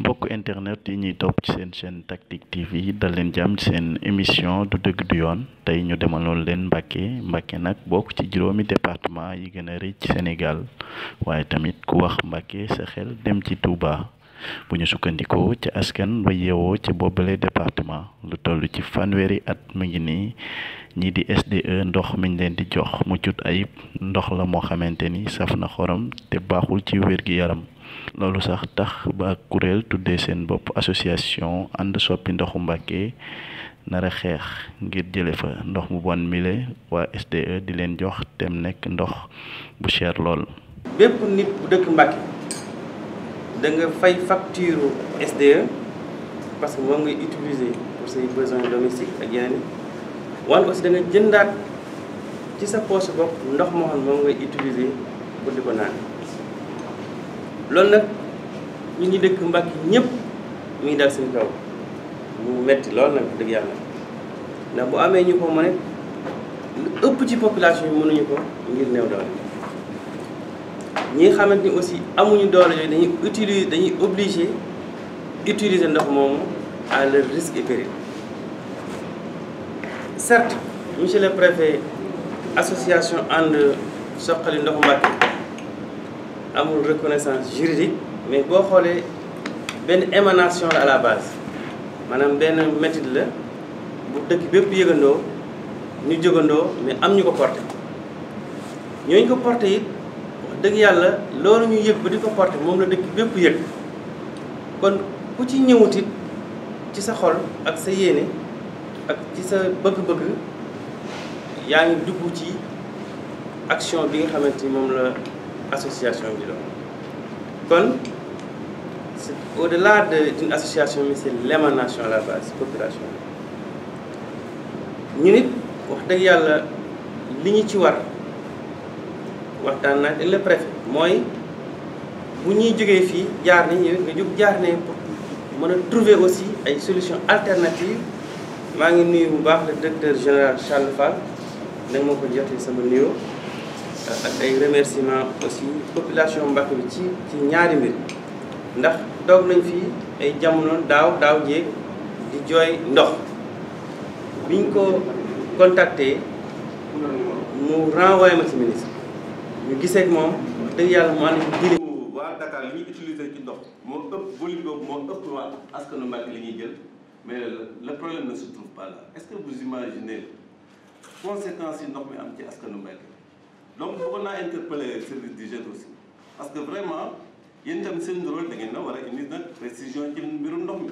mbokk internet yi ñuy topp ci seen chaîne Tactic TV dal leen jam seen émission du dëgg du yoon tey ñu demaloon leen Mbacké Mbacké nag bokk ci juróomi département yi gën a rëy ci Sénégal waaye tamit ku wax Mbacké sa xel dem ci Touba bu ñu sukkandikoo ci askan ba yeewoo ci boobale département lu toll ci fanweeri at mu ngi nii ñii di SDE ndox mi leen di jox mu jut ayib ndox la moo xamante ni saf na xorom te baaxul ci wér-gi-yaram loolu sax tax ba ak kuréel tuddee seen bopp association ànd soppi ndoxu Mbàkke nara xeex ngir jële fa ndox mu bon mile waa SDE di leen jox tem nekk ndox bu cher lool. bépp nit bu dëkk Mbàkke da fay facture SDE parce moom ngay utiliser pour say besoins domestiques ak yeneen wante aussi da nga jëndaat ci sa poche bopp ndox moo xam moom ngay utiliser pour ko naan. loolu nag ñu ngi dëkk Mbàkke ñëpp mu ngi dal seen kaw mu metti loolu nag dëgg yàlla ndax bu amee ñu ko mu ne lu ëpp ci population yi mënuñu ko ngir néew doon ñi nga xamante ni aussi amuñu doole yooyu dañuy utiliser dañuy obligé utiliser ndox moomu à leur risque et péril certes monsieur le préfet association ànd soqali ndoxu Mbàkke amul reconnaissance juridique mais boo xoolee benn émanation la à la base maanaam benn méthode la bu dëkk bépp yëgandoo ñu jógandoo mais am ñu ko porté ñooñu ko porté it wax dëgg yàlla loolu ñu yëg ba di ko porté moom la dëkk bépp yëg kon ku ci ñëwut ci sa xol ak sa yéene ak ci sa bëgg-bëgg yaa ngi dugg ci action bi nga xamante ni moom la association bi doon kon c'est au-delà de d'une association mais c'est l'émanation la base population ñu nit wax dëgg yàlla li ñu ci war waxtaan naa ak le préfet mooy bu ñuy jógee fii jaar nañ yow nga jóg jaar ne pour mën a trouver aussi ay solutions alternatives maa ngi nuyu bu baax le directeur général Charles Fall moo nga ma ko jotee sama nuyoo. ak ay remerciement aussi population Mbacké bi ci ci ñaari mbir ndax doog nañ fii ay jamono daaw daaw jéeg di jooy ndox biñ ko contacté mu renvoyé ma ci ministre ñu gisee ak moom wax dëgg yàlla mu ànd diri waa Dakar li ñuy ndox moo ëpp volume boobu moo ëpp waa askanu Mbacké li ñuy jël mais le problème ne se trouve pas là est-ce que vous imaginez yi ndox mi am ci askanu Mbacké donc bëggoon naa interpeller service d'hygiène aussi parce que vraiment yéen tamit seen rôle da ngeen na war a indi nag précision ci mbirum ndox mi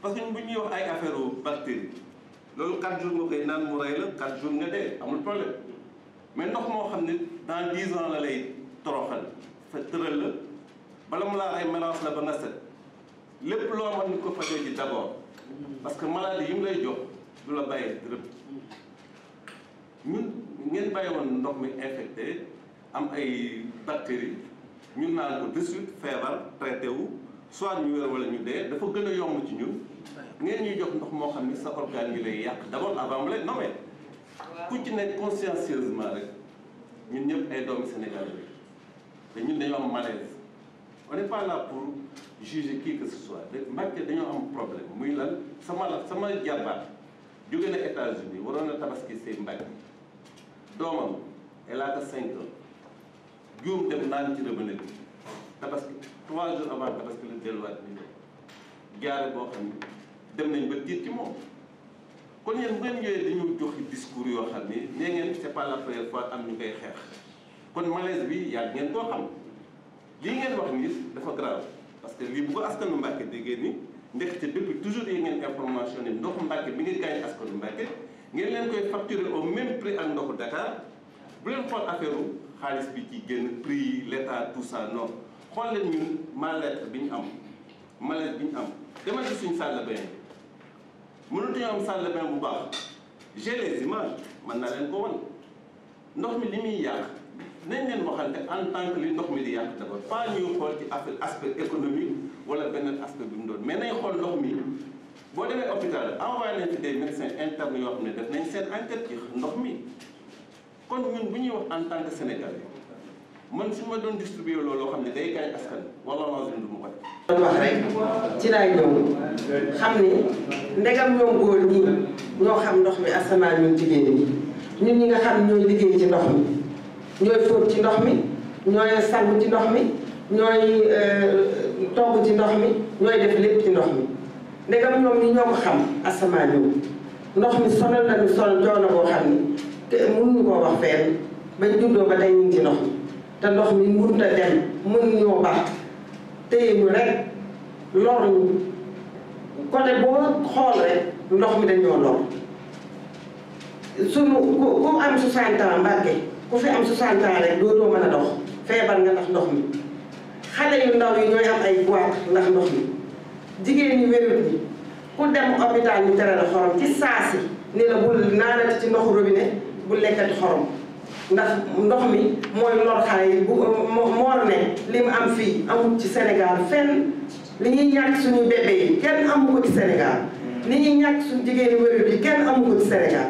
parce que ñun bu ñuy wax ay affaire bactéries loolu 4 jours nga koy naan mu rey la 4 jours nga dee amul problème mais ndox moo xam ne dans 10 ans la lay toroxal fa la bala mu laa rey mélange la ba nga set lépp loo mën ni ko fajee ji d'abord parce que maladie yi mu lay jox du la bàyyi dërëb ñun. ngeen bàyyi woon ndox mi infecté am ay bactéries ñu naan ko de suite feebar traité soit ñu wér wala ñu dee dafa gën a yomb ci ñun ngeen ñuy jox ndox moo xam ne sa organe yi lay yàq d'abord avant mu lay nommé ku ci nekk consciencieusement rek ñun ñëpp ay doomi Sénégal bi te ñun dañoo am malaise on n'est pas là pour juger qui ce soit de dañoo am problème muy lan sama la sama jarbaat jóge na États-Unis waroon na tabaski say Mbàkke doomam elaata cinq ans juum dem naan ci rëbënët tabaski trois jours avant tabaski la delluwaat ni jaare boo xam ne dem nañ ba tiit ci moom kon yéen bu ngeen ñëwee dañu joxi discours yoo xam ni nee ngeen c'est pas la fois am ñu koy xeex kon malaise bi yàgg ngeen koo xam lii ngeen wax nii dafa grave parce que lii bu ko askanu Mbàkke déggee ni ndekete depuis toujours yi ngeen information ne ndoxu Mbàkke bi ngeen gaañ askanu Mbàkke ngeen leen koy facturer au même prix ak ndoxu Dakar bu leen xool affaire xaalis bi ci génn prix yi l'état tout ça non xool leen ñun mal-être bi ñu am mal-être bi ñu am demal ci suñ salle de bain bi mënatuñu am salle de bain bu baax j'ai les images mën naa leen ko wan ndox mi li muy yàq nañ leen waxante en tant que li ndox mi li yàq dafa pas ñuy xool ci affaire aspect économique wala beneen aspect bi mu doon mais nañ xool ndox mi boo demee hôpital envoyé nañ fi des médecins internes yoo xam ne seen enquête ci ndox mi kon ñun bu ñuy wax en tant que sénégalais man su ma xam ne day gaañ askan wala loosin du ma ko def. wax rek ci laay ñëw xam ni ndegam ñi ñoo xam ndox mi asamaan ñun jigéen ñi ñun liggéey ci ndox mi ñooy fóot ci ndox mi ñooy sangu ci ndox mi ñooy euh, togg ci ndox mi ñooy def lépp ci ndox mi. ndegam ñoom ñi ñoo ko xam asamaan ñëw ndox mi sonal nañu sonal a boo xam ni te mënuñu koo wax fenn bañ juddoo ba tey ñu ngi ci ndox te ndox mi mënut a te mënuñoo baax téye ñu rek lor ñu côté boo xool rek ndox mi dañoo lor sunu ku ku am 60 ans Mbàkke ku fi am su ans rek dootoo mën a dox feebar nga ndax ndox mi xale yu ndaw yi ñooy am ay boîte ndax ndox mi. jigéen ñi wérul ñi ku dem hôpital ñu tere la xorom ci saasi ni la bul naanati ci ndoxu robinet bu lekkati xorom ndax ndox mi mooy lor xale yi bu moor ne li mu am fii amul ci Sénégal fenn li ñuy ñàkk suñu bébé yi kenn amu ko ci Sénégal li ñuy ñàkk suñu jigéen ñi yi kenn amu ko ci Sénégal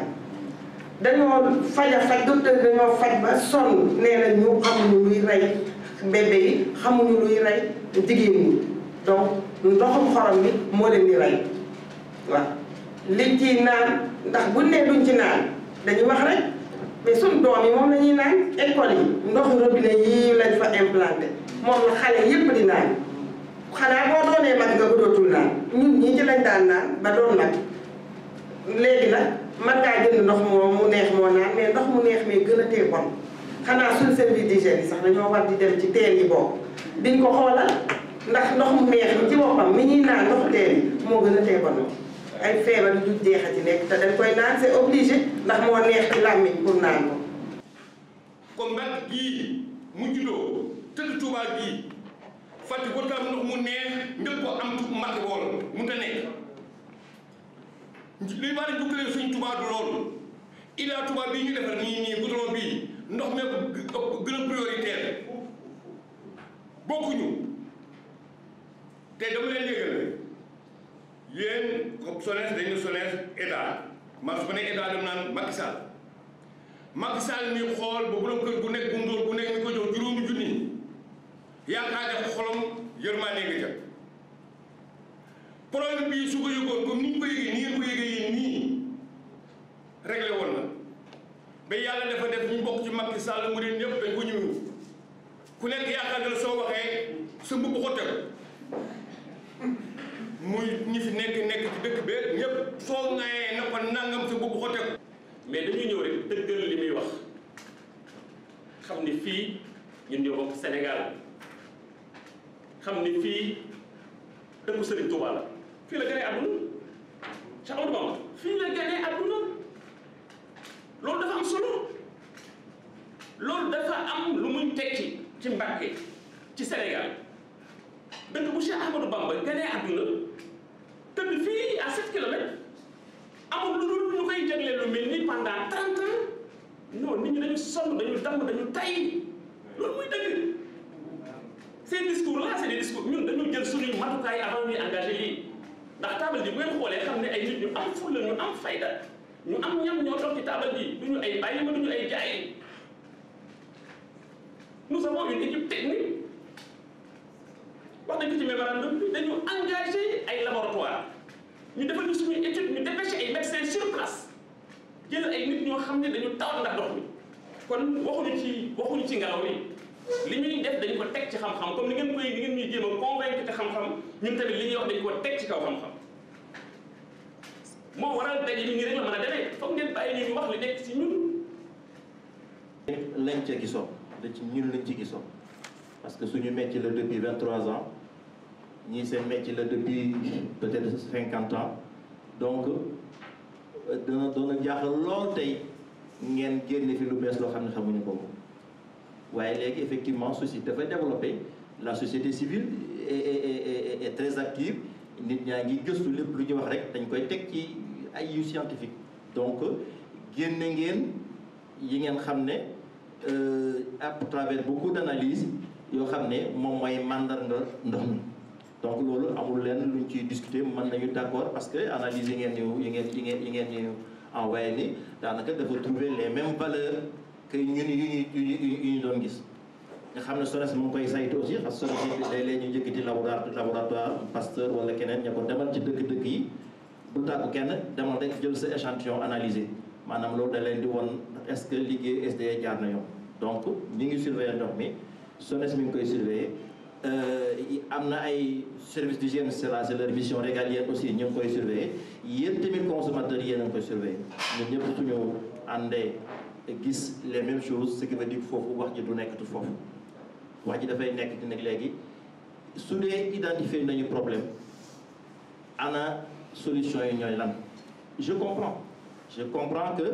dañoo faj a faj docteur dañoo faj ba sonn nee na ñu xamuñu luy rey bébé yi xamuñu luy rey jigéen ñi ndoxum xorom bi moo leen di rey waaw liñ ciy naan ndax buñ nee duñ ci naan dañuy wax rek mais suñ doom yi moom la ñuy naan école yi ndoxu robinet yii lañ fa implanté moom la xale yépp di naan xanaa boo doonee mag nga ko dootul naan ñun ñii ci lañ daan naan ba doon mag léegi nag man ngaa jënd ndox moo mu neex moo naan mais ndox mu neex mais gën a tee bon xanaa suñ service yi sax dañoo war di dem ci teen yi boobu diñ ko xoolal mi ñuy naan ndox teen moo gën a tee bon ay feebar du deexa nekk te dañ koy naan c'est obligé ndax moo neex ci làmmiñ pour naan ko kon gii mu juddoo tëdd Tuubaa gii fàtte ko tam ndox mu neex njël ko am tu Mbàkke mun te nekk li maa ne jukkalee suñ Tuubaa du loolu ilaa Tuubaa bii ñu defar nii nii goudron bii ndox mee ko gën a prioritaire bokkuñu te dama leen yëgal yéen comme SONES dañu SONES état man su ma nee état dem naan Macky Sall Macky xool ba borom kër gu nekk gu nekk mi ko jox juróomi junni yaakaar def xolom yërmande nga jël problème bii su ko yëgoon comme ni ko yëgee ni ko yëgee yéen nii réglé woon na ba yàlla dafa def ñu bokk ci Macky mu ne ñëpp dañ ko ñëw ku nekk yaakaar ne soo waxee sa mbubb xottal muy ñi fi nekk nekk ci dëkk be soo ŋaayee na ko nangam sa boobu xoteeku. mais dañuy ñëw rek dëggal li muy wax xam ni fii ñun ñoo xam ni fii dëkku Serigne Touba la fii la gënee àdduna Cheikh Amadou Bamba fii la gënee àdduna loolu dafa am solo loolu dafa am lu muy tekki ci Mbàkke ci Sénégal dëkk bu Cheikh Amadou Bamba gënee àdduna. tëdd fii à 7 kilomètres amul lu dul ñu koy jagleel lu mel ni pendant 30 ans non nit ñi dañu sonn dañu damm dañu tay loolu muy dëgg ces discours là c'est des discours ñun dañu jël suñuy matukaay avant ñuy engagé lii ndax taabal ji bu ngeen xoolee xam ne ay nit ñu am fulla ñu am fayda ñu am ñam ñoo toog ci taabal ji du ñu ay bàyyi ma du ñu ay jaay nous avons une équipe technique. wax nañ ko ci mémorandum bi dañu engagé ay laboratoire ñu defal ñu suñuy étude ñu dépêché ay médecins sur place jël ay nit ñoo xam ne dañu tawat ndax ndox mi kon waxuñu ci waxuñu ci ngelaw li li ñuy def dañu ko teg ci xam-xam comme ni ngeen koy ni ngeen ñuy jéem a convaincre ci xam-xam ñun tamit li ñuy wax dañu ko teg ci kaw xam-xam moo waral daje bi nii rek la mën a demee foog ngeen bàyyi ñu wax li nekk ci ñun. lañ ca gisoon da ci ñun lañ ci gisoon parce que suñu métier la depuis 23 ans. ñii seen métier la depuis peut-être cinquante ans donc euh, dana doona jaaxal lool tey ngeen génne fi lu bees loo xam ne xamuñu ko waaye léegi effectivement société dafay développé la société civile est est est est active nit ñaa ngi gëstu lépp lu ñuy wax rek dañ koy teg ci ay scientifique donc génne ngeen yi ngeen xam ne euh, à travers beaucoup d'analyses yoo xam ne moom mooy màndarga ndox mi donc loolu amul leen luñ ciy discuter mën nañu d' accord parce que analyse yi ngeen ñu yi ngeen yi ngeen yi ngeen ñu envoyé ni daanaka dafa trouver les mêmes valeurs que ñun yu ñu yu ñu doon gis nga xam ne SONES mu ngi koy saytu aussi parce que SONES léeg-léeg ñu njëkk ci laboratoire laboratoire Pasteur wala keneen ña ko demal ci dëkk-dëkk yi bu tàggu kenn demal rek jël sa échantillon analysé maanaam loolu da leen di woon est ce que liggéey SDE jaar na yoon donc ñu ngi surveiller ndox mi SONES mi ngi koy surveiller Euh, am na ay service d'hygiène c'est leur mission régalienne aussi ñu ngi koy surveiller yéen tamit consommateurs yéen a ngi koy surveiller ñun ñëpp suñu àndee gis les mêmes choses ce qui veut dire foofu wax ji du nekkatu foofu wax ji dafay nekk dina léegi su dee identifier nañu problème ana solution yi ñooy lan je comprends je comprends que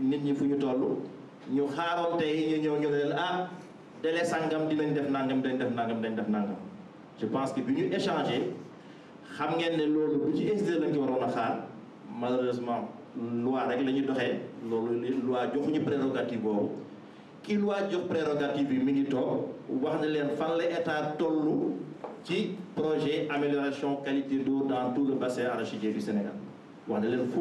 nit ñi fu ñu toll ñu xaaroon tey ñu ñëw ñu leen ah délai sàngam dinañ def nangam dinañ def nangam dañ def nangam je pense que bi ñu échangé xam ngeen ne loolu bu ci incité lañ ko waroon a xaar malheureusement loi rek la ñuy doxee loolu loi joxuñu prérogative boobu ki loi jox prérogative bi mi ngi toog wax na leen fan la état tollu ci projet amélioration qualité d'eau dans tout le bassin arachidier du Sénégal wax na leen fu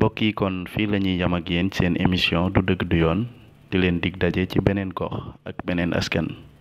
mu yi kon fii la ñuy yam ak yéen seen émission du dëgg du yoon di leen dig daje ci beneen gox ak beneen askan